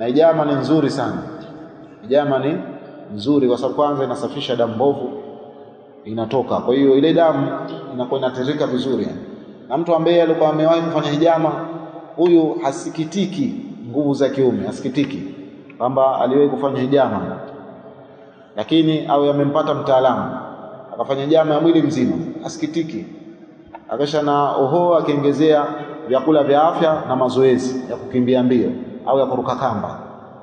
na ijama ni nzuri sana. Ijama ni nzuri kwa sababu kwanza inasafisha damu mbovu inatoka, kwa hiyo ile damu inakuwa inatirika vizuri, na mtu ambaye alikuwa amewahi kufanya ijama huyu hasikitiki nguvu za kiume, hasikitiki kwamba aliwahi kufanya ijama, lakini au amempata mtaalamu akafanya ijama ya mwili mzima, hasikitiki akisha na oho, akiongezea vyakula vya afya na mazoezi ya kukimbia mbio au yakuruka kamba,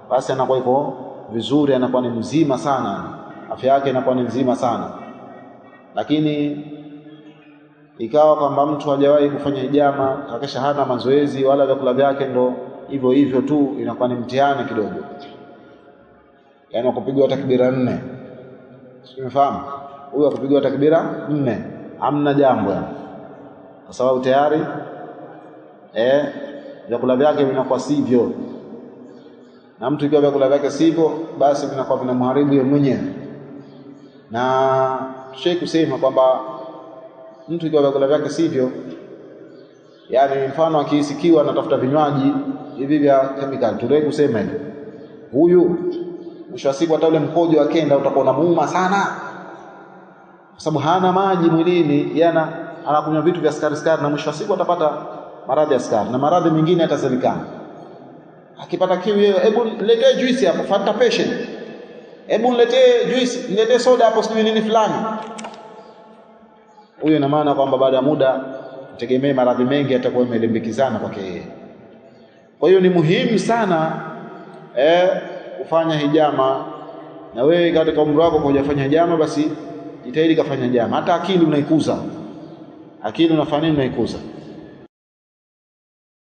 basi anakuwa iko vizuri, anakuwa ni mzima sana, afya yake inakuwa ni mzima sana. Lakini ikawa kwamba mtu hajawahi kufanya ijama, kakesha hana mazoezi wala vyakula vyake ndo hivyo hivyo tu, inakuwa ni mtihani kidogo, yaani wakupigwa takbira nne, simefahamu huyu akupigwa takbira nne, amna jambo yani, kwa sababu tayari eh, vyakula vyake vinakuwa sivyo na mtu ikiwa vyakula vyake sivyo, basi vinakuwa vinamharibu yeye mwenyewe. Na tushai kusema kwamba mtu ikiwa vyakula vyake sivyo, yani mfano akihisikiwa anatafuta vinywaji hivi vya chemical, turai kusema hivyo, huyu mwisho wa siku hata ule mkojo akenda utakuwa unamuuma sana, kwa sababu hana maji mwilini, yana anakunywa vitu vya sukari sukari, na mwisho wa siku atapata maradhi ya sukari na maradhi mengine hata serikali akipata kiu yeye, hebu niletee juice hapo, Fanta Passion, hebu niletee juice, niletee soda hapo, sijui nini fulani. Huyo ina maana kwamba baada ya muda tegemee maradhi mengi yatakuwa yamelimbikizana kwake yeye. Kwa hiyo ni muhimu sana eh, kufanya hijama, na wewe katika umri wako kwa hujafanya hijama, basi jitahidi kafanya hijama, hata akili unaikuza, akili unafanya nini, unaikuza